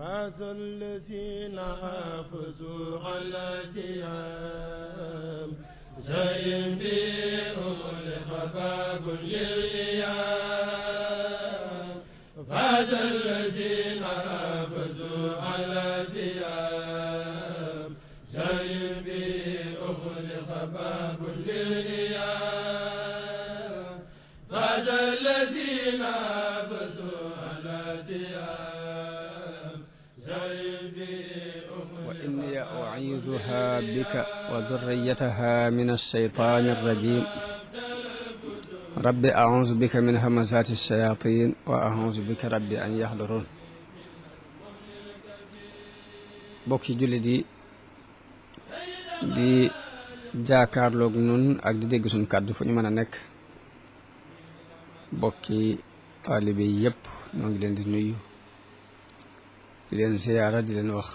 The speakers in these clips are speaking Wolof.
فاز الذين حافظوا على الصيام زين بهم لخباب للإيام فاز الذين أعوذها بك وذريتها من الشيطان الرجيم ربي أعوذ بك من همزات الشياطين وأعوذ بك ربي أن يحضرون بوكي جلدي دي جاكار لغنون أجد دي جسون كادو فني مانا نك بوكي طالبي يب نوغلين دي نيو لين زيارة دي لين وخ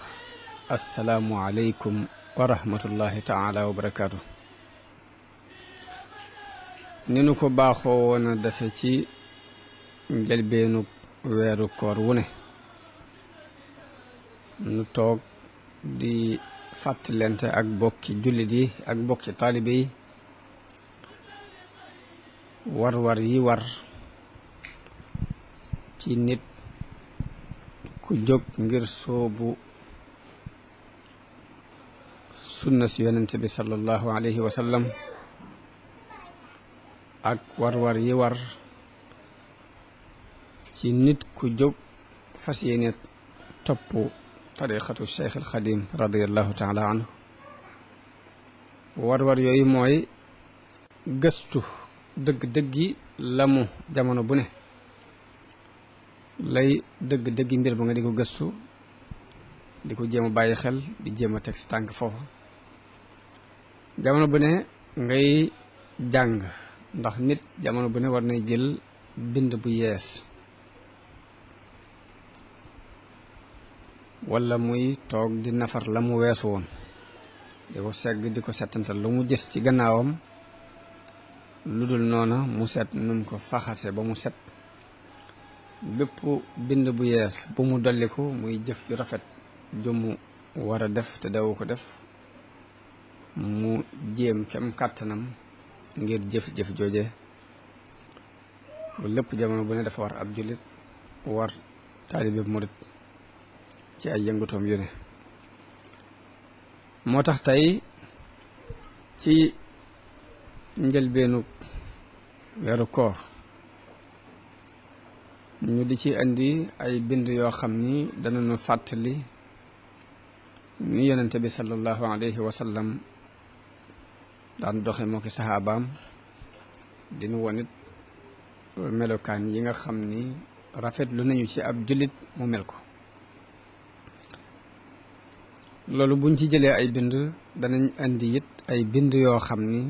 asalaamualeykum wa rahmatullahi taala wa barakaatu. ni nu ko baaxoo woon defe ci njëlbeenu weeru koor wu ne nu toog di fàttalente ak bokki jullit yi ak bokki taalibe yi war-war yi war ci nit ku jóg ngir soobu sunna si yonent bi sallallahu alayhi wa sallam ak warwar war yi war ci nit ku jóg fas yéene topp tariqatu cheikh alxadim radiallahu taala anhu war yooyu mooy gëstu dëgg-dëggi lamu jamono bu ne lay dëgg-dëggi mbir ba nga di ko gëstu di ko jéem a bàyyi xel di jéem a teg sa tànk foofa jamono bu ne ngay jàng ndax nit jamono bu ne war nay jël bind bu yees wala muy toog di nafar la mu weesu woon di ko segg di ko settantal lu mu jës ci gannaawam ludul mu set num ko faxase ba mu set bépp bind bu yees bu mu dolliku muy jëf yu rafet mu war a def te dawu ko def mu jéem kem kàttanam ngir jëf-jëf jooje loolu lépp jamono bu ne dafa war ab jullit war taalibe murit ci ay yëngutoom yu ne moo tax tey ci njëlbeenu weeru koor ñu di ci indi ay bind yoo xam ni danañu fàttali ñu yonente bi sallallahu alayhi wa daan doxe moo ki saxaabaam dinu wonit melokaan yi nga xam ni rafet lu nañu ci ab jullit mu mel ko loolu buñ ci jëlee ay bind danañ indi it ay bind yoo xam ni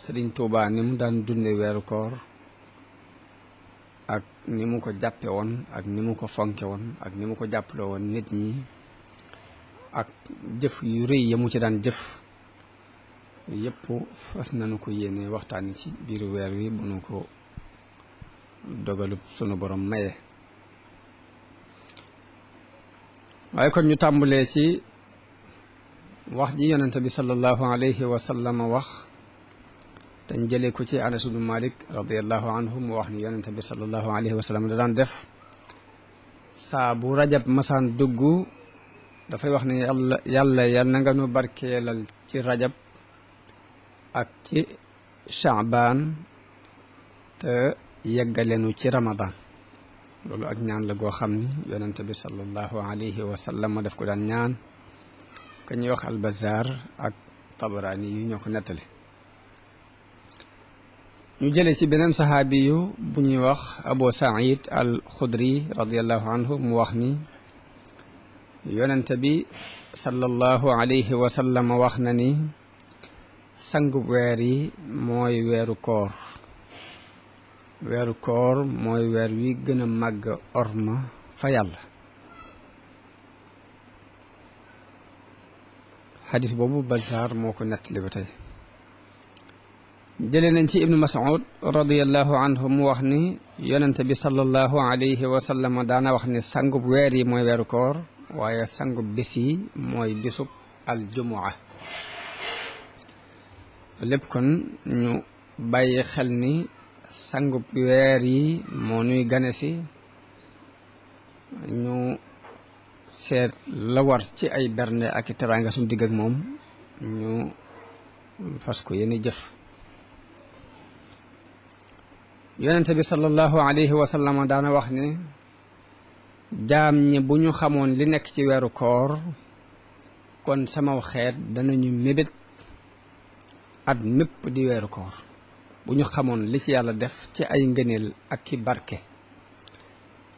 sëriñ Tuubaa ni mu daan dunde weeru koor ak ni mu ko jàppe woon ak ni mu ko fonke woon ak ni ko jàppaloo woon nit ñi ak jëf yu rëy ya mu ci daan jëf yëpp fas nañu ko yéene waxtaani ci biir weer wi bu nu ko dogalub sunu borom maye waaye kon ñu tàmbalee ci wax ji yonente bi sallallahu alayhi wa sallam wax dañ jële ko ci anas ibnu malik radiallahu anhu mu wax ni yonente bi sallallahu alayhi wa def saa bu rajab masaan dugg dafay wax ne yàlla yàlla yàlla na nga nu barkeelal ci rajab ak ci chaabaan te yeggalenu ci ramadan loolu ak ñaan la goo xam ni yonente bi salallahu alayhi wa sallam daf ko daan ñaan ka ñuy wax albazar ak tabarani yu ñoo ko nettali ñu jële ci beneen saxaabi yu bu ñuy wax abu said al khudri radiallahu anhu mu wax ni yonente bi salallahu alayhi wa sallam wax na ni sangu weer yi mooy weeru koor weeru koor mooy weer wi gën a màgg orma fa yàlla xadis boobu bazar moo ko nettali ba tey jëlee nañ ci ibnu mas'ud radiallahu anhu mu wax ni yonente bi salallahu alayhi wa sallam daana wax ni sangub weer yi mooy weeru koor waaye sangub bis yi mooy bisub aljumua lépp kon ñu bàyyi xel ni sangub weer yi moo ñuy gane si ñu seet la war ci ay bernde ak teranga suñ digg ak moom ñu fas ko yéene jëf yonente bi salallahu alayhi wa sallam daana wax ni jaam ñi bu ñu xamoon li nekk ci weeru koor kon samaw xeet danañu mébét at mépp di weeru koor bu ñu xamoon li ci yàlla def ci ay ngëneel ak ki barke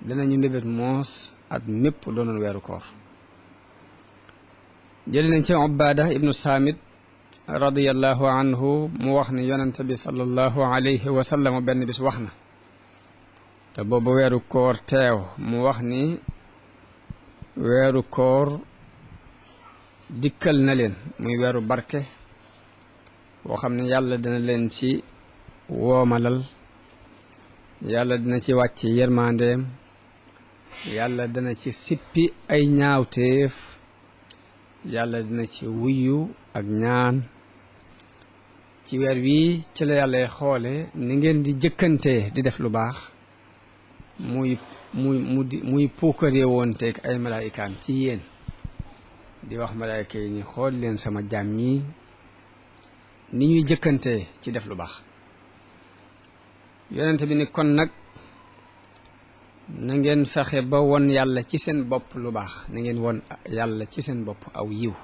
danañu mbébét moos at mépp doonoon weeru koor jëli nañ ci ubaada ibnu saamit radiallahu anhu mu wax ni yonente bi salallahu alayhi wa sallam benn bis wax na te boobu weeru koor teew mu wax ni weeru koor dikkal na leen muy weeru barke boo xam ne yàlla dana leen ci woomalal yàlla dina ci wàcc yërmandeem yàlla dana ci sippi ay ñaawteef yàlla dina ci wuyu ak ñaan ci weer wi ci la yàlla xoole ni ngeen di jëkkante di def lu baax muy muy mu di muy puukaree woon teeg ay malaayikaam ci yéen di wax malaayika yi xool leen sama jaam yi ni ñuy jëkkante ci def lu baax yonent bi ni kon nag na ngeen fexe ba won yàlla ci seen bopp lu baax nangeen ngeen won yàlla ci seen bopp aw yiw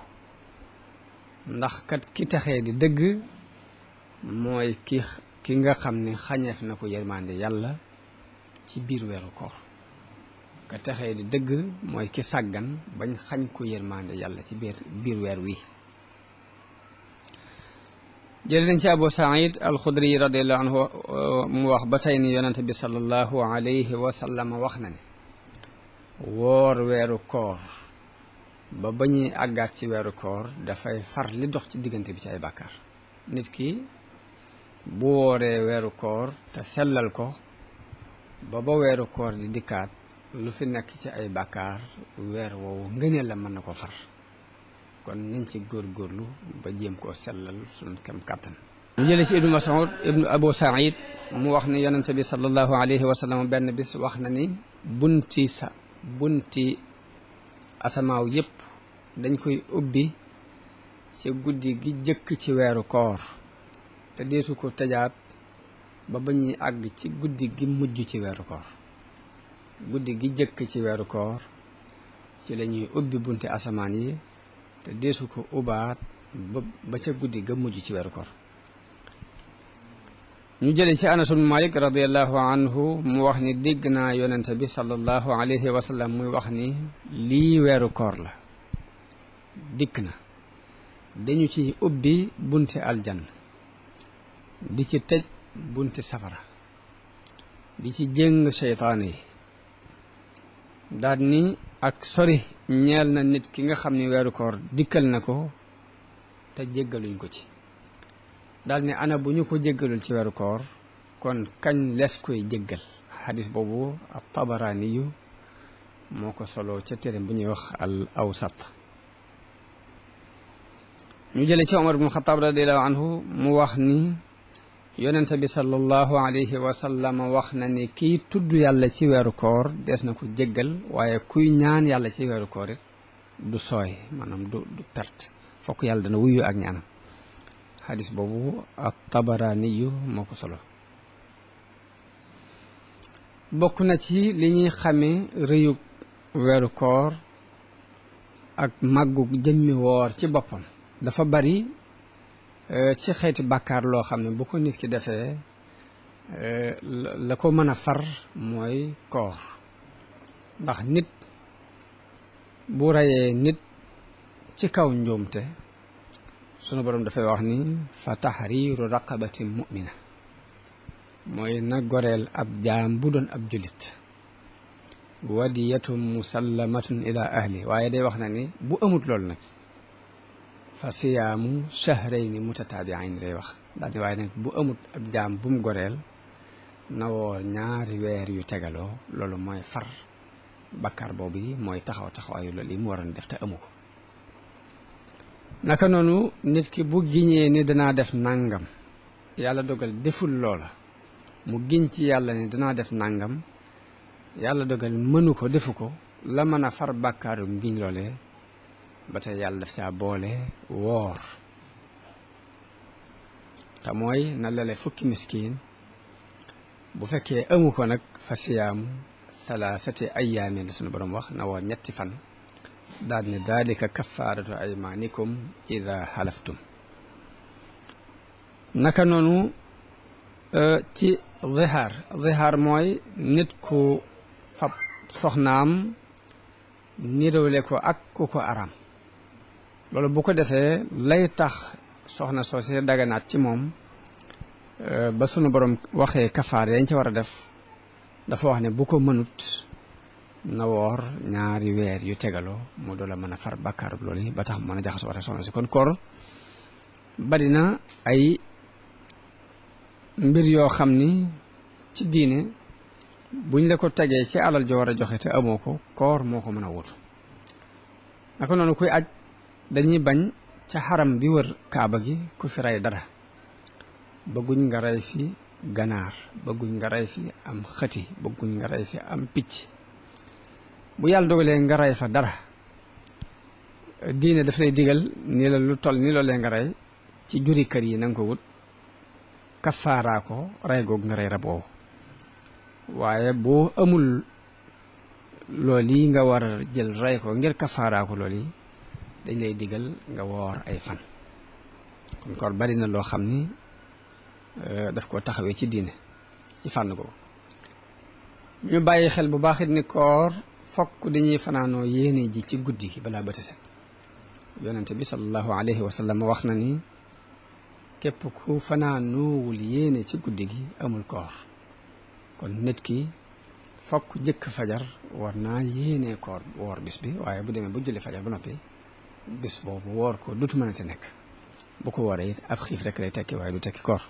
ndax kat ki taxee di dëgg mooy ki ki nga xam ni xañeef na ko yërmande yàlla ci biir weeru ko ka taxee di dëgg mooy ki sàggan bañ xañ ko yërmande yàlla ci biir biir weer wi jëlee nañ ci abu said alxudri radiallahu anhu mu wax ba tey ni yonente bi salallahu alayhi wa sallam wax na ne woor weeru koor ba ba ñuy àggaat ci weeru koor dafay far li dox ci diggante bi ci ay bàkkaar nit ki bu wooree weeru koor te sellal ko ba ba weeru koor di dikkaat lu fi nekk ci ay bàkkaar weer woowu ngëneel la mën na ko far kon nañ ci gorlu ba jëm ko sellal sun kam katan ñu jël ci ibnu mas'ud ibnu abu sa'id mu wax ni yonente bi sallallahu alayhi wa sallam ben bis wax na ni bunti sa bunti asamaaw yépp dañ koy ubbi ci guddi gi jëkk ci wéru koor te deesu ko tajaat ba ba àgg ci guddi gi mujj ci wéru koor guddi gi jëkk ci wéru koor ci lañuy ubbi bunti asamaan yi te deesu ko ubaat ba ba ca guddi ga mujj ci weeru koor ñu jële ci anas ibnu malik radiallahu anhu mu wax ni dégg naa yonente bi sallallahu alayhi wa sallam muy wax ni lii weeru koor la dikk na dañu ci ubbi bunti aljanna di ci tëj bunti safara di ci jéng seytaane yi daal ni ak sori ñeel na nit ki nga xam ni weeru koor dikkal na ko te jéggaluñ ko ci dal ni ana bu ñu ko jéggalul ci weeru koor kon kañ les koy jéggal xadis boobu ak tabaraani yu moo ko solo ca téereem bu ñuy wax al awsat ñu jële ci omar bnu xataab radiallahu mu wax ni yonente bi sallallahu alayhi wa sallam wax na ni kiy tudd yàlla ci weeru koor des na ko jéggal waaye kuy ñaan yàlla ci weeru koor it du sooy maanaam du du perte fokk yàlla dana wuyu ak ñaanam xadis boobu ak tabaraaniyu moo ko solo bokk na ci li ñuy xamee rëyub weeru koor ak màggug jëmmi woor ci boppam dafa bari Euh, ci xeeti bàkkaar loo xam ne bu ko nit ki defee euh, la ko mën a far mooy koor ndax nit bu reyee nit ci kaw njuumte sunu borom dafay wax ni fa tahriiru raqabatin mu'mina mooy na goreel ab jaam bu doon ab julit wadiyatun musallamatun ila ahli waaye day wax na ni bu amut loolu nag fa siyaamu shahrayni mutataabi'ayn lay wax daal di waaye nag bu amut ab jaam bu mu goreel na woor ñaari weer yu tegaloo loolu mooy far bakkaar boobu yi mooy taxaw taxawaayu loolu yi mu waroon def te amu ko naka noonu nit ki bu giñee ni danaa def nangam yàlla dogal deful loola mu giñ ci yàlla ni danaa def nangam yàlla dogal mënu ko defu ko la mën a far bakkaarum giñ loolee bata yàlla daf saa boole woor te mooy na lele fukki miskin bu fekkee amu ko nag fa siyaam thalaasati ayaamin suñu borom wax na woor ñetti fan daal ni dalika kafaaratu aymanikum ida xalaftum naka noonu ci zihar zihar mooy nit ku fab soxnaam nirowle ko ak ku ko aram loolu bu ko defee lay tax soxna soo see daganaat ci moom euh, ba sunu borom waxee kafaar yañ ca war a def dafa wax ne bu ko mënut na woor ñaari weer yu tegaloo mu la mën a far bàkkaar loolu yi ba tax mën a jaxasoo ak soxna si kon koor bari na ay mbir yoo xam ni ci diine buñ la ko tegee ci alal joo war a joxe te amoo ko koor moo ko mën a wutu naka noonu kuy aj dañuy bañ ca xaram bi wër kaaba gi ku fi rey dara bëgguñ nga rey fi ganaar bëgguñ nga rey fi am xëti bëgguñ nga rey fi am picc bu yàlla dogalee nga rey fa dara diine daf lay digal ni la lu toll ni loolee nga rey ci juri kër yi na ko wut kaffaaraa ko rey goog nga rey rab waaye boo amul lool yi nga war a jël rey ko ngir kaffaaraa ko yi dañ lay digal nga woor ay fan kon koor bari na loo xam ni euh, daf koo taxawee ci diine ci fànn ko ñu bàyyi xel bu baax it ni koor fokk dañuy fanaanoo yéene ji ci guddi gi balaa bët set yonente bi sallallahu alayhi wa wax na ni képp ku fanaanoowul yéene ci guddi gi amul koor kon nit ki fokk jëkk fajar war naa yéene koor woor bis bi waaye bu demee bu julli fajar ba noppi bis boobu woor ko dutu mën a te nekk bu ko wooree it ab xiif rekk lay tekki waaye du tekki koor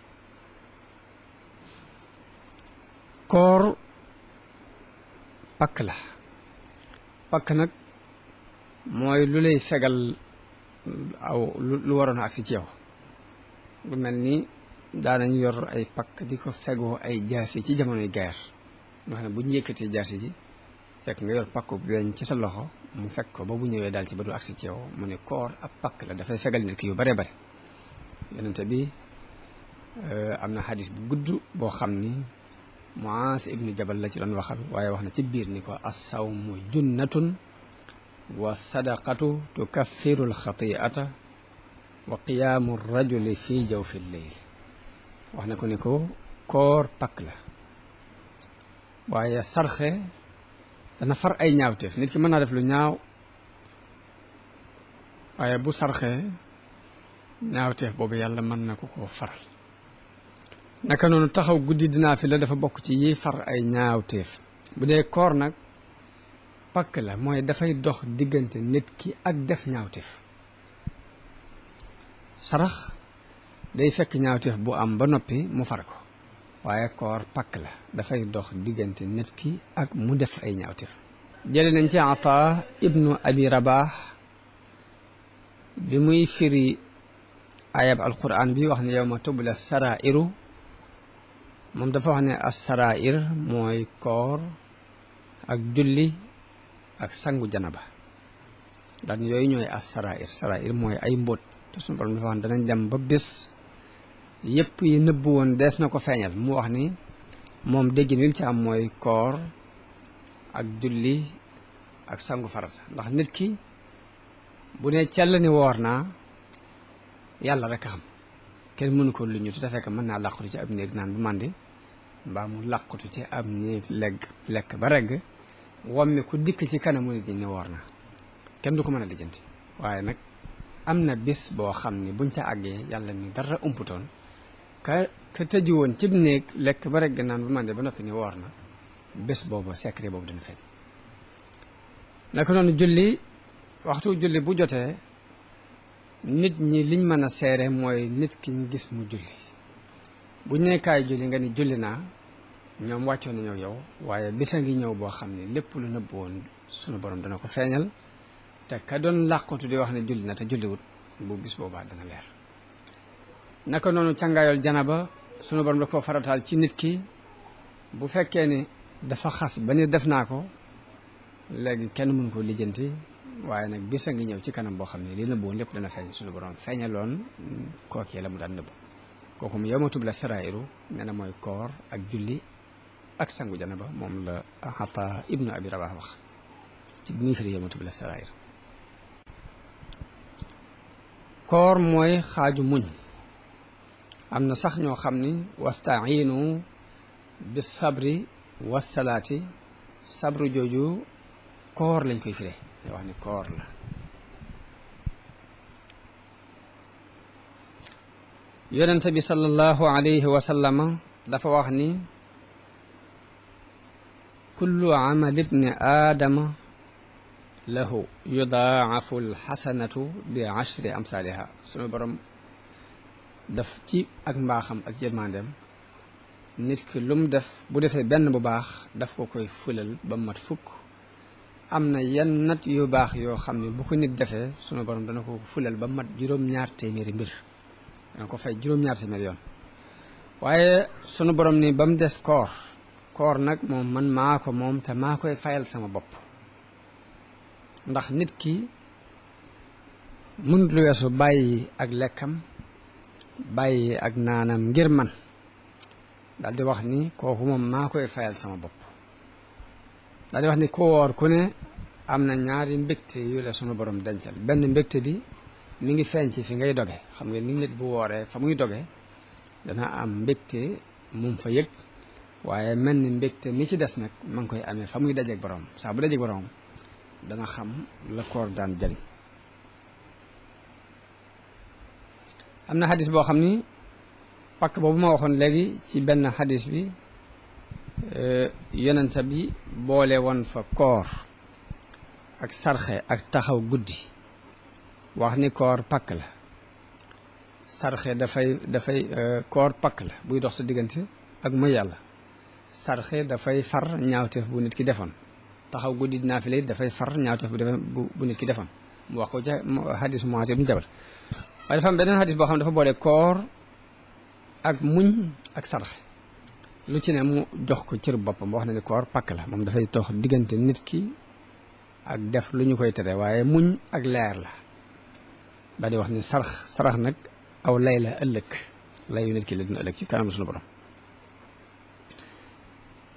koor pakk la pakk nag mooy lu lay fegal aw lu waroon a agsi ci yow lu mel ni daanañ yor ay pakk di ko fegoo ay jaasi ci jamonoy guerre nga xam ne bu ñu yëkkatee jaasi ji fekk nga yor pakk weñ ci sa loxo mu fekk ko ba bu ñëwee daal ci ba du agsi ci mu ne koor ab pakk la dafay fegal nit ki yu bare bare yonente bi euh, am na xadis bu gudd boo xam ni Muaas ibnu Jabal la ci doon waxal waaye wax na ci biir ni ko assawmu junnatun wa sadaqatu tukaffiru alxatiata wa qiyaamu rajuli fi jawfi lleyl wax na ko ni ko koor pakk la waaye sarxe dana far ay ñaawteef nit ki mën naa def lu ñaaw waaye bu sarxee ñaawteef boobu yàlla mën na ko koo faral naka noonu taxaw guddi dinaa fi la dafa bokk ci yi far ay ñaawteef bu dee koor nag pakk la mooy dafay dox diggante nit ki ak def ñaawteef sarax day fekk ñaawteef bu am ba noppi mu far ko waaye koor pakk la dafay dox diggante nit ki ak mu def ay ñaawteef jële nañ ci ata ibnu abi rabah bi muy firi ayab alquran bi wax ne yow ma tubla sarairu moom dafa wax ne assarair mooy koor ak julli ak sangu janaba dan yooyu ñooy assarair sarair mooy ay mbóot te suñu borom dafa wax dem ba yëpp yi nëbb woon dees na ko feeñal mu wax ni moom déggin wi mu ci am mooy koor ak julli ak sangu farata ndax nit ki bu ne cell ni woor naa yàlla rekk a xam kenn mënu ko lu ñu te fekk mën naa làqutu ci ab néeg naan bu màndi mbaa mu làqutu ci ab néeg lekk ba regg wommi ku dikk ci kanamu nit ñi ni woor naa kenn du ko mën a lijjanti waaye nag am na bis boo xam ni buñ ca àggee yàlla ni dara umputoon ka ka tëju woon cib néeg lekk ba rek gannaan bu mande ba noppi ni woor na bés boobu secret boobu dana feeñ naka noonu julli waxtu julli bu jotee nit ñi liñ mën a seere mooy nit ki ñu gis mu julli bu ñu julli nga ni julli naa ñoom wàccoon nañoo yow waaye bisa ngi ñëw boo xam ne lépp lu nëbb woon sunu borom dana ko feeñal te ka doon làqatu di wax ne julli na te julliwut bu bis boobaa dana leer naka noonu càngaayal janaba sunu borom da koo farataal ci nit ki bu fekkee ne dafa xas ba ni def naa ko léegi kenn mën ko lijjanti waaye nag bisa ngi ñëw ci kanam boo xam ne lii nëbboon lépp dana feeñ sunu borom feeñaloon kooku la mu daan nëbbu kooku mu yawma tubla saraa'iru nee na mooy koor ak julli ak sangu janaba moom la Ataa ibnu Abi Rabaah wax ci bi muy firi yawma tubla saraa'ir koor mooy xaaju muñ امنا صح نيو خامني بالصبر والصلاه صبر جوجو كور لا نكاي فري واخني كور لا يونس بي صلى الله عليه وسلم دا كل عمل ابن ادم له يضاعف الحسنه بعشر امثالها سنبرم daf ci ak mbaaxam ak jërmandeem nit ki lu mu def bu defee benn bu baax daf ko koy fulal ba mat fukk am na yan nat yu baax yoo xam ne bu ko nit defee sunu borom dana ko fulal ba mat juróom-ñaar mbir dana ko fay juróom-ñaar yoon waaye sunu borom ni ba mu des koor koor nag moom man maa ko moom te maa koy fayal sama bopp ndax nit ki mënut lu weesu bàyyi ak lekkam bàyyi ak naanam ngir man daal di wax ni kooku moom maa koy fayal sama bopp daal di wax ni ku woor ku ne am na ñaari mbégte yu la sunu borom dencal benn mbégte bi mu ngi feeñ ci fi ngay doge xam nga ni nit bu wooree fa muy doge dana am mbégte mum fa yëg waaye mel ni mbégte mi ci des nag ma ngi koy amee fa muy dajeeg borom saa bu dajeeg borom dana xam la koor daan jëriñ am na xadis boo xam ni pakk boobu ma waxoon léegi ci benn xadis bi euh, yonent bi boole woon fa koor ak sarxe ak taxaw guddi wax ni koor pakk la sarxe dafay dafay euh, koor pakk la buy dox sa diggante ak mooy yàlla sarxe dafay far ñaawteef bu nit ki defoon taxaw guddi dinaa fi lay dafay far ñaawteef bu bu nit ki defoon mu wax ko ca xadis mu Muaaz ibn Jabal waaye dafa am beneen xadis boo xam ne dafa boole koor ak muñ ak sarax lu ci ne mu jox ko cër boppam wax na ni koor pakk la moom dafay tox diggante nit ki ak def lu ñu koy tere waaye muñ ak leer la daal di wax ni sarax sarax nag aw lay la ëllëg layu nit ki la dina ëllëg ci kanam suñu borom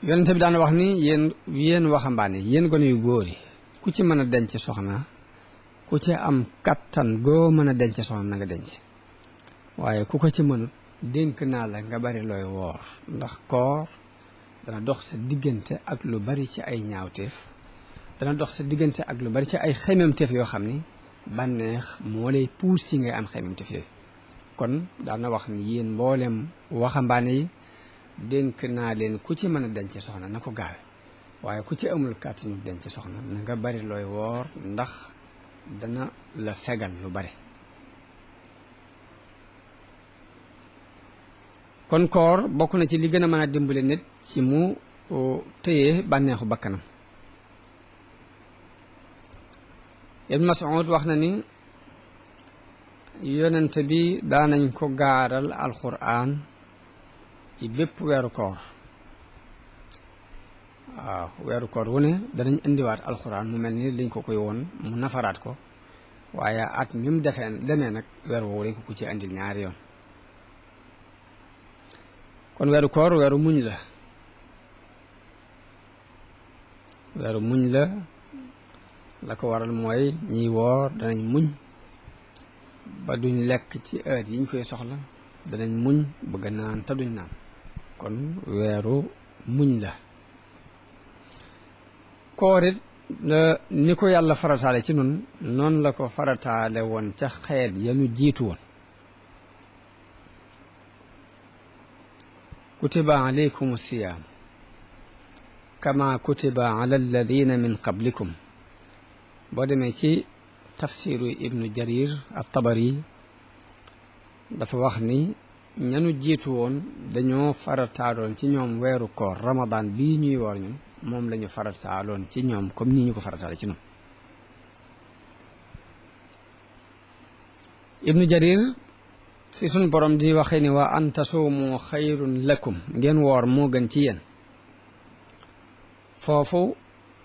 yonente bi daan wax ni yéen yéen waxambaane yéen gone yu góor yi ku ci mën a denc soxna ku ci am kàttan goo mën a denc soxna na nga denc waaye ku ko ci mënul dénk naa la nga bari looy woor ndax koor dana dox sa diggante ak lu bari ci ay ñaawteef dana dox sa diggante ak lu bari ci ay xememteef yoo xam ni bànneex moo lay puus ngay am xememteef yooyu kon daana wax ni yéen mbooleem waxambaane yi dénk naa leen ku ci mën a denc soxna na ko gaawe waaye ku ci amul kàttanu denc soxna na nga bari looy woor ndax dana la fegal lu bare kon koor bokk na ci li gën a mën a nit ci mu téye bànneexu bakkanam Ibn Mas'ud wax na ni yonent bi daanañ ko gaaral alxuraan ci bépp weeru koor waaw weeru koor wu ne danañ indiwaat alxuraan mu mel ni liñ ko koy woon mu nafaraat ko waaye at mi mu defee nag weer woowu lañ ko ku ci andil ñaari yoon kon weeru koor weeru muñ la weeru muñ la la ko waral mooy ñiy woor danañ muñ ba duñ lekk ci heure yi ñu koy soxla danañ muñ bëgg naan te duñ naan kon weeru muñ la koor it ni ko yàlla farataale ci nun noonu la ko farataale woon ca xeet ya ñu jiitu woon kutiba alaykum siyaam kama kutiba ala alladina min qablikum boo demee ci tafsiru ibnu jarir at tabari dafa wax ni ñanu jiitu woon dañoo farataaloon ci ñoom weeru koor ramadan bii ñuy woor ñun moom lañu ñu farataaloon ci ñoom comme nii ñu ko farataale ci ñoom ibnu jarir fi suñ borom di waxee ni waa an tasuumu xayrun lakum ngeen woor moo gën ci yéen foofu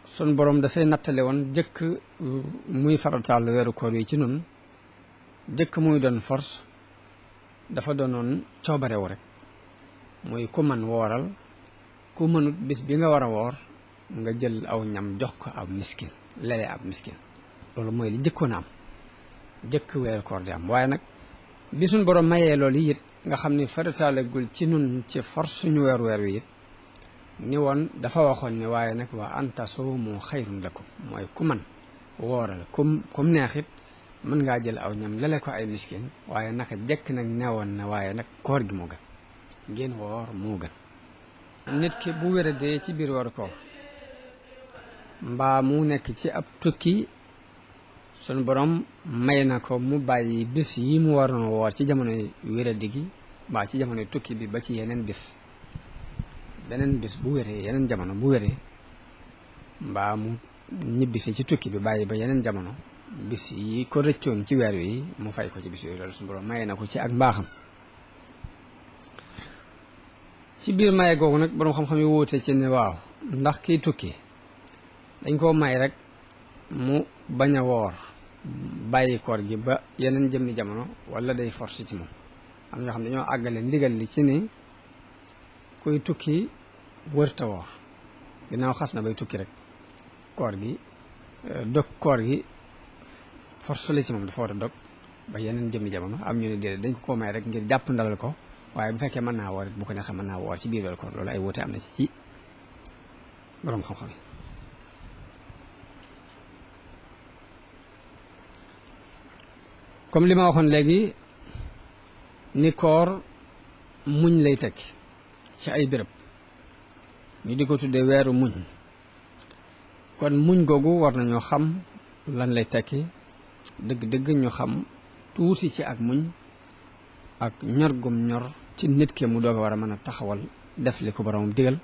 suñ borom dafay nattale woon jëkk uh, muy farataal weeru koor yi ci ñun jëkk muy doon force dafa doonoon coobarewu rek muy ku man wooral ku mënut bis bi nga war a woor nga jël aw ñam jox ko ab miskin lele ab miskin loolu mooy li jëkkoon am jëkk weer koor di am waaye nag bi suñ borom mayee loolu it nga xam ni farataalegul ci nun ci force suñu weer weer wi it ni woon dafa waxoon ne waaye nag waa anta soomu la ko mooy ku man wooral kum kum neex it mën ngaa jël aw ñam lele ko ay miskin waaye naka jëkk nag neewoon na waaye nag koor gi moo gën ngeen woor moo gën nit ki bu wér dee ci biir war ko mbaa mu nekk ci ab tukki sun borom may na ko mu bàyyi bis yi mu waroon woor ci jamono wéradi gi mbaa ci jamono tukki bi ba ci yeneen bis beneen bis bu wéree yeneen jamono bu wéree mbaa mu ñibbi si ci tukki bi bàyyi ba yeneen jamono bis yi ko rëccoon ci weer wi mu fay ko ci bis yooyu loolu sun borom may na ko ci ak mbaaxam ci biir maye googu nag borom xam-xam yi wóote ci ne waaw ndax kiy tukki dañ koo may rek mu bañ a woor bàyyi koor gi ba yeneen jëmmi jamono wala day force ci moom am ñoo xam ne dañoo àggale ndigal li ci kuy tukki wërta woor xas na bay tukki rek koor gi euh, dog koor gi force la ci moom dafa war a dog ba yeneen jëmmi jamono am ñu ne déedéet dañ ko ko may rek ngir jàpp ndalal ko waye bu fekke man na wor bu ko neexee mën na wor ci biir weeru koor loolu ay wote amna ci ci borom xam-xam comme lima ma legui ni koor muñ lay tek ci ay béréb ni diko tuddé wéru muñ kon muñ gogu war nañu xam lan lay tekki deug deug ñu xam tuuti ci ak muñ ak ñor gum ñor ci nit ki mu doog a war a mën a taxawal def li ko boromam digal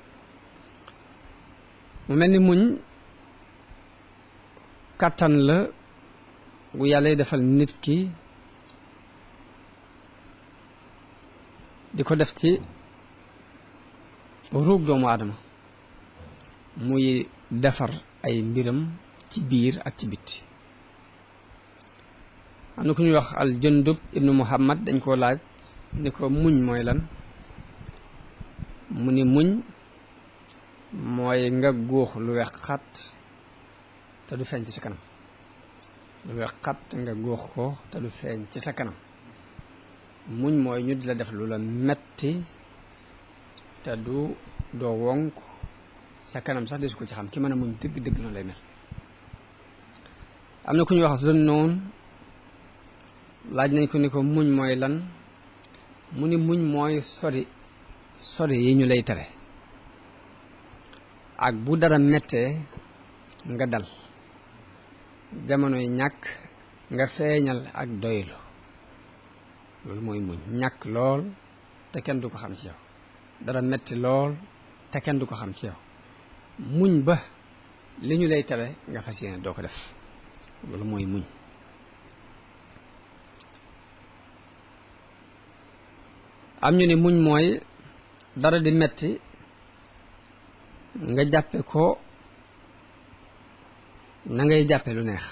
mu mel ni muñ kàttan la bu yàlla defal nit ki di ko def ci ruug doomu aadama muy defar ay mbiram ci biir ak ci bitti am na ku ñuy wax al jundub ibnu muhammad dañ koo laaj ni ko muñ mooy lan mu ni muñ mooy nga góox lu weex xat te du feeñ ci sa kanam lu weex xat nga góox ko te du feeñ ci sa kanam muñ mooy ñu di la def lu la metti te du doo wonk sa kanam sax desu ko ci xam ki mën a muñ dëgg dëgg noonu lay mel am na ku ñuy wax zone noonu laaj nañ ko ni ko muñ mooy lan mu ni muñ mooy sori sori yi ñu lay tare ak bu dara mettee nga dal jamonoy ñàkk nga feeñal ak doylu loolu mooy muñ ñàkk lool te kenn du ko xam ci yow dara metti lool te kenn du ko xam ci yow muñ ba li ñu lay tere nga fas yéene doo ko def loolu mooy muñ am ñu ni muñ mooy dara di metti nga jàppe ko na ngay jàppe lu neex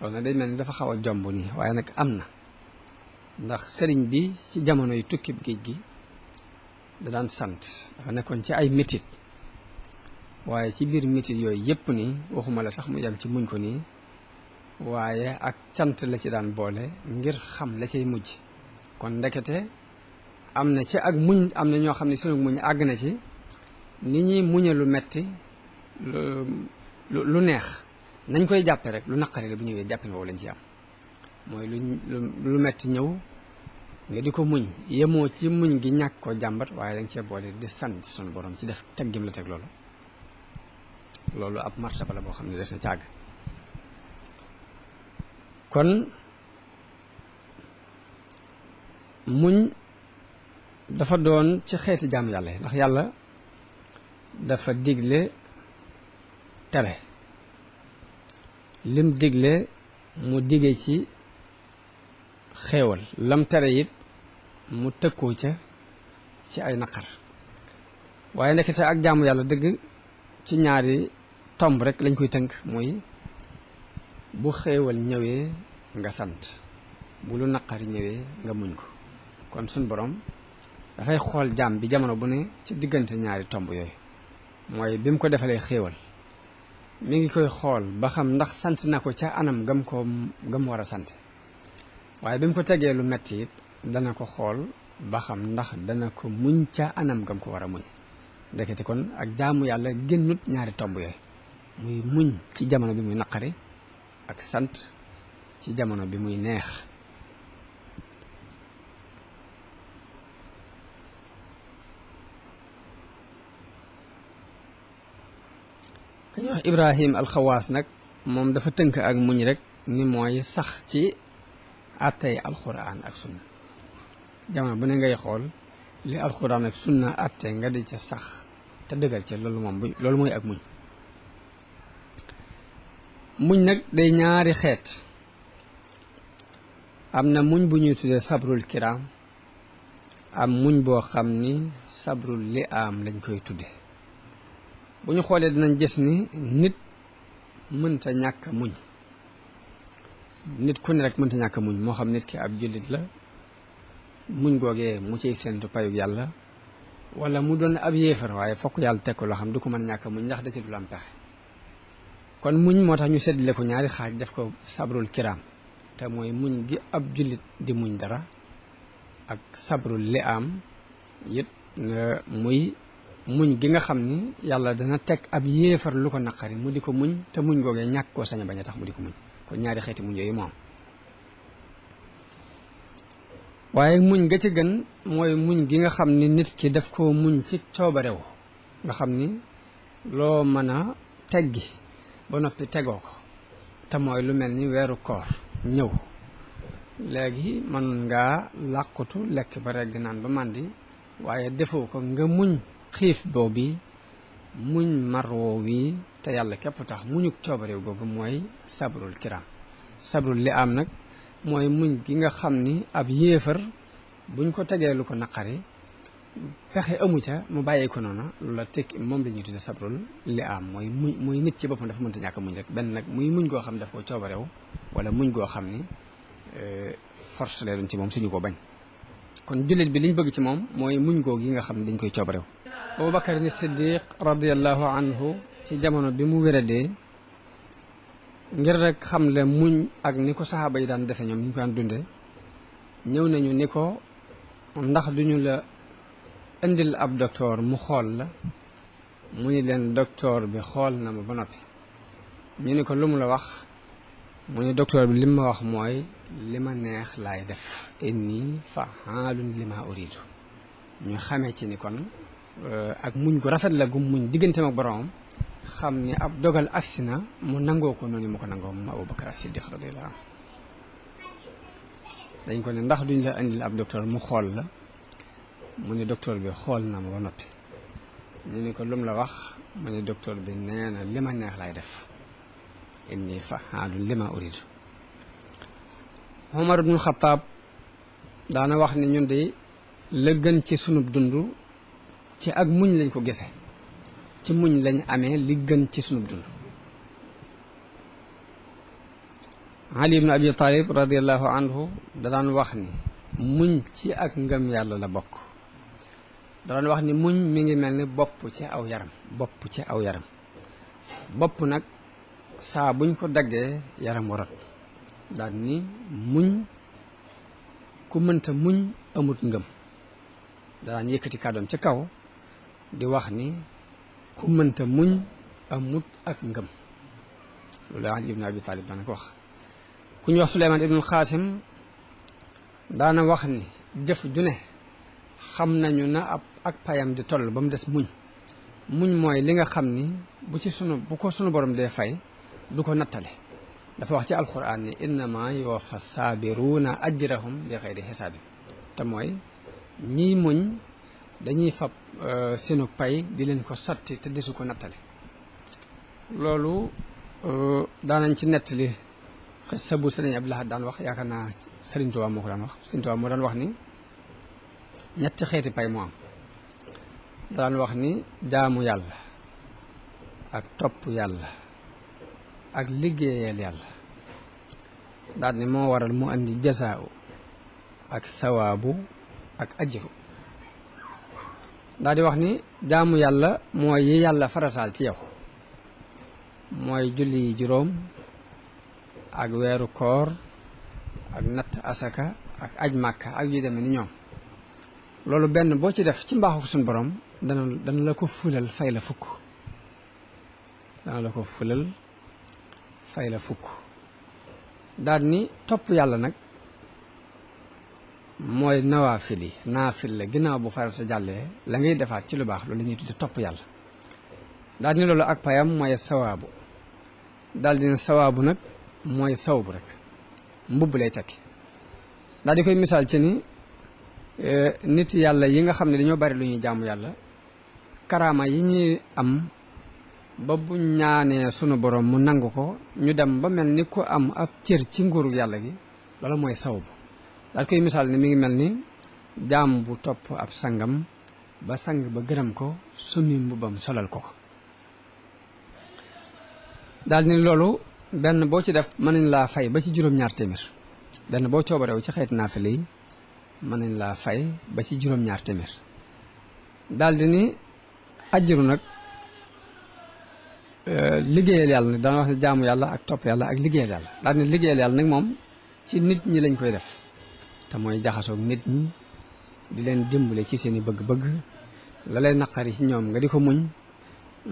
loolu na day mel ni dafa xaw a jomb nii waaye nag am na ndax sëriñ bi ci jamono yu tukkib géej gi da daan sant dafa nekkoon ci ay métit waaye ci biir métit yooyu yépp ni waxuma la sax mu yem ci muñ ko nii waaye ak cant la ci daan boole ngir xam la cay mujj kon ndekete am na ci ak muñ am na ñoo xam ne sunu muñ àgg na ci ni ñi muñe lu metti lu neex nañ koy jàppe rek lu naqari la bu ñëwee jàppin woowu lañ ci am mooy lu lu metti ñëw nga di ko muñ yemoo ci muñ gi ñàkk koo jàmbat waaye dañ cee boole di sant sunu borom ci def teg gim teg loolu loolu ab martaba la boo xam ne des na càgg kon muñ dafa doon ci xeeti jaam yàlla yi ndax yàlla dafa digle tere lim digle mu dige ci xéewal lam tere it mu tëkkoo ca ci ay naqar waaye nekk te ak jàmm yàlla dëgg ci ñaari tomb rek lañ koy tënk mooy bu xéewal ñëwee nga sant bu lu naqar ñëwee nga muñ ko kon suñ borom dafay xool jaam bi jamono bu ne ci diggante ñaari tomb yooyu mooy bi mu ko defalee xéewal mu ngi koy xool ba xam ndax sant na ko ca anam gam ko gam war a sant waaye bi mu ko tegee lu metti it dana ko xool ba xam ndax dana ko muñ ca anam gam ko war a muñ ndekete kon ak jaamu yàlla génnut ñaari tomb yooyu muy muñ ci jamono bi muy naqari ak sant ci jamono bi muy neex dañuy wax Ibrahim alxawaas nag moom dafa tënk ak muñ rek ni mooy sax ci attey alxuraan ak sunna jamono bu ne ngay xool li alxuraan ak sunna atte nga di ca sax te dëggal ca loolu moom bu loolu mooy ak muñ muñ nag day ñaari xeet am na muñ bu ñuy tuddee sabrul kiraam am muñ boo xam ni sabrul li am lañ koy tudde bu ñu xoolee dinañ gis ni nit mënta ñàkk muñ nit ku ne rek mënta ñàkk muñ moo xam nit ki ab jullit la muñ googee mu ciy séentu payug yàlla walla mu doon ab yéefar waaye fokk yàlla teg ko loo xam du ko mën ñàkk muñ ndax da ci du am kon muñ moo tax ñu séddale ko ñaari xaaj def ko sabrul kiraam te mooy muñ gi ab jullit di muñ dara ak sabrul li am it eh, muy muñ gi nga xam ni yàlla dana teg ab yéefar lu ko naqari mu di ko muñ te muñ googee ñàkk koo sañ a bañ a tax mu di ko muñ kon ñaari xeeti muñ yooyu moom waaye muñ ga ci gën mooy muñ gi nga xam ni nit ki daf koo muñ ci rew nga xam ni loo teggi ba noppi tegoo ko te mooy lu mel ni weeru koor ñëw léegi mën ngaa làqutu lekk ba regg naan ba mandi waaye defoo ko nga muñ xiif boobu muñ marwoo wi te yàlla képp tax muñuk coobarew googu mooy sabrul kiram sabrul li am nag mooy muñ gi nga xam ni ab yéefar buñ ko tegee lu ko naqari pexe amu ca mu bàyyee ko noona loola tekki moom la ñuy tudde sabrul li am mooy muñ mooy nit ci boppam dafa mënta ñàkk muñ rek benn nag muy muñ goo xam ne daf ko coobarew wala muñ goo xam ni euh, force leeruñ ci moom suñu ko bañ kon jullit bi liñ bëgg ci moom mooy muñ goo gi nga xam ne dañ koy coobarew Aboubacar ni Siddiq radiallahu anhu ci jamono bi mu wéradee ngir rek xam le muñ ak ni ko saxaaba yi daan defe ñoom ni ñu ko daan dunde ñëw nañu ni ko ndax duñu la indil ab docteur mu xool la mu ni leen docteur bi xool na ma ba noppi ñu ni ko lu mu la wax mu ni docteur bi li ma wax mooy li ma neex laay def inni fa'aalun lima uridu ñu xamee ci ni kon ak muñ gu rafet la gu muñ digganteem ak boromam xam ni ab dogal agsi na mu nangoo ko noonu mu ko nangoo moom Aboubacar Siddiq radiyallahu anhu dañ ko ne ndax duñ la indil ab docteur mu xool la mu ne docteur bi xool na ma ba noppi ñu ne ko lum la wax mu ne docteur bi nee na li ma neex laay def inni fa'aalu lima uridu Omar ibnul Xataab daana wax ni ñun de la gën ci sunub dund ci ak muñ lañ ko gese ci muñ lañ amee li gën ci sunu dund ali ibn abi talib radiyallahu anhu da daan wax ni muñ ci ak ngam yàlla la bokk da daan wax ni muñ mi ngi mel ni ci aw yaram bopp ci aw yaram bopp nag saa buñ ko daggee yaram warat daan ni muñ ku mënta muñ amut ngam. daan yëkkati kàddoom ci kaw di wax ni ku mënta muñ amut ak ngëm loolu Ali ibn Abi Talib daana wax ku ñu wax Suleymaan ibnul Xaasim daana wax ni jëf ju xam nañu na ak payam di toll ba mu des muñ muñ mooy li nga xam ni bu ci sunu bu ko sunu borom dee fay du ko nattale dafa wax ci alquran ni innama yuwaffa saabiruuna ajrahum bi xayri xisaabi te mooy ñiy muñ dañuy fab euh, seenu pay di leen ko sotti te desu ko nattale loolu euh, daanañ ci nettali xissa bu sëriñ Abdou Lahad daan wax yaakaar naa sëriñ Tuubaa moo ko daan wax sëriñ moo daan wax ni ñetti xeeti pay daan wax ni jaamu yàlla ak topp yàlla ak liggéeyal yàlla daal ni moo waral mu indi jasaaw ak sawaabu ak ajru daal wax ni jaamu yàlla mooy yi yàlla farataal ci yow mooy julli juróom ak weeru koor ak natt asaka ak aj màkka ak yu demee ni ñoom loolu benn boo ci def ci mbaaxu suñu borom dana dana la ko fulal fay la fukk dana la ko fay la fukk ni topp yàlla nag mooy nawaafil yi naafil la ginnaaw bu farata jàllee la ngay defaat ci lu baax loolu la ñuy tudd topp yàlla daal ni loolu ak payam mooy sawaabu daal dina sawaabu nag mooy saw bu rek mbubb lay tekki daal di koy misaal ci ni e, nit yàlla yi nga xam ne dañoo bari lu ñuy jaamu yàlla karaama yi ñuy am ba bu ñaanee sunu borom mu nangu ko ñu dem ba mel ni ko am ak cër ci ngóoru yàlla gi loolu mooy saw bu daal koy misaal ni mi ngi mel ni jaam bu topp ab sangam ba sang ba gërëm ko summi mbubbam solal ko ko daal ni loolu benn boo ci def mën nañ laa fay ba ci juróom-ñaar téeméer benn boo coobareew ci xeet naafile yi mën nañ laa fay ba ci juróom-ñaar téeméer ni ajjuru nag euh, liggéeyal yàlla dana wax ne jaamu yàlla ak topp yàlla ak liggéeyal yàlla daal di ni liggéeyal yàlla nag moom ci nit ñi lañ koy def te mooy jaxasoog nit ñi di leen dimbale ci seeni bëgg-bëgg la lay naqari ci ñoom nga di ko muñ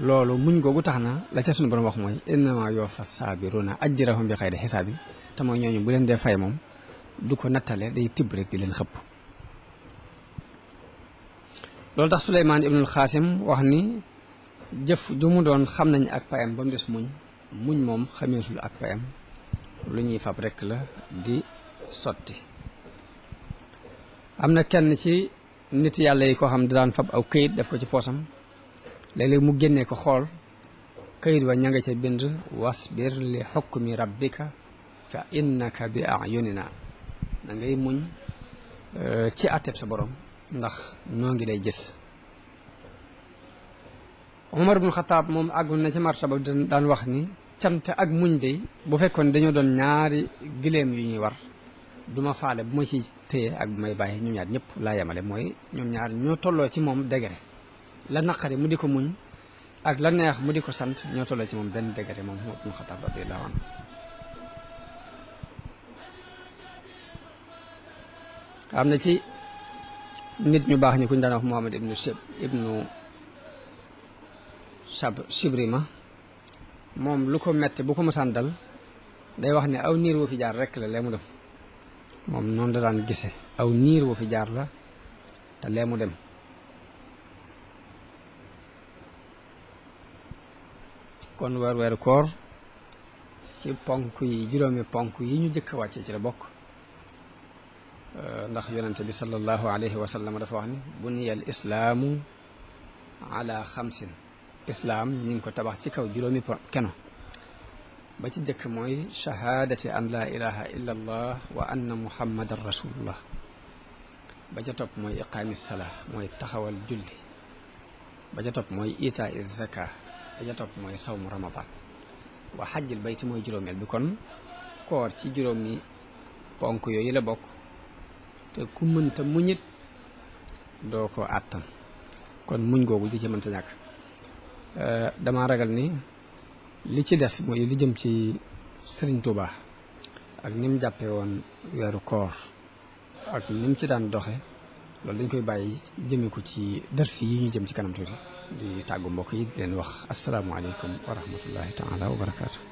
loolu muñ googu tax na la ca suñu borom wax mooy innama yoofa sabiruna ajrahum bi xayri hisabi te mooy ñooñu bu leen dee fay moom du ko nattale day tibb rek di leen xëpp loolu tax ibnul xaasim wax ni jëf ju mu doon xam nañ ak payam ba mu des muñ muñ moom xameesul ak payam lu fab rek la di sotti am na kenn ci nit yàlla yi koo xam di daan fab aw këyit def ko ci poosam léeg-léeg mu génne ko xool këyit wa ña nga ca bind wasbir li xukmi rabbika fa innaka bi ayunina da dangay muñ eh, ci àtteb sa borom ndax noo ngi lay gis Umar ibn Xataab moom àggoon na ci marché ba daan wax ni cant ak muñ de bu fekkoon dañoo doon ñaari gileem yu ñuy war du ma faale bu ma ci téye ak bu may bàyyi ñoom ñaar ñëpp laa yemale mooy ñoom ñaar ñoo tolloo ci moom degré la naqari mu di ko muñ ak la neex mu di ko sant ñoo tolloo ci moom benn degré moom moo ibnu Xattaab radiyallaahu anhu am na ci nit ñu baax ñi kuñ daan wax Muhammad ibnu Sib ibnu Sab moom lu ko metti bu ko mësaan dal day wax ni aw niir wu fi jaar rek la lee mu def moom noonu la daan gise aw niir wu fi jaar la te lee mu dem kon weer weeru koor ci ponk yi juróomi ponk yi ñu jëkk wàccee ci la bokk euh, ndax yonente bi sallallahu alayhi wa sallam dafa wax ni buniyal islaamu ala xamsin islaam ñu ngi ko tabax ci kaw juróomi keno ba ci njëkk mooy shahaadati an laa ilaha illa allah wa anna muhammadan rasulullah ba ca topp mooy iqaami sala mooy taxawal julli ba ca topp mooy itaa il zaka ba ca topp mooy sawmu ramadan wa xajjil bayti mooy juróomeel bi kon koor ci juróomi ponk yooyu la bokk te ku mënta muñit doo ko àttan kon muñ googu di ci mënta ñàkk dama ragal ni li ci des mooy li jëm ci Sëriñ Tuuba ak ni mu jàppee woon weeru koor ak ni mu ci daan doxe loolu dañ koy bàyyi jëmee ko ci dërsi yi ñu jëm ci kanam tuuti di tàggu mbokk yi leen wax asalaamaaleykum wa rahmatullahi taala wa barakaatu.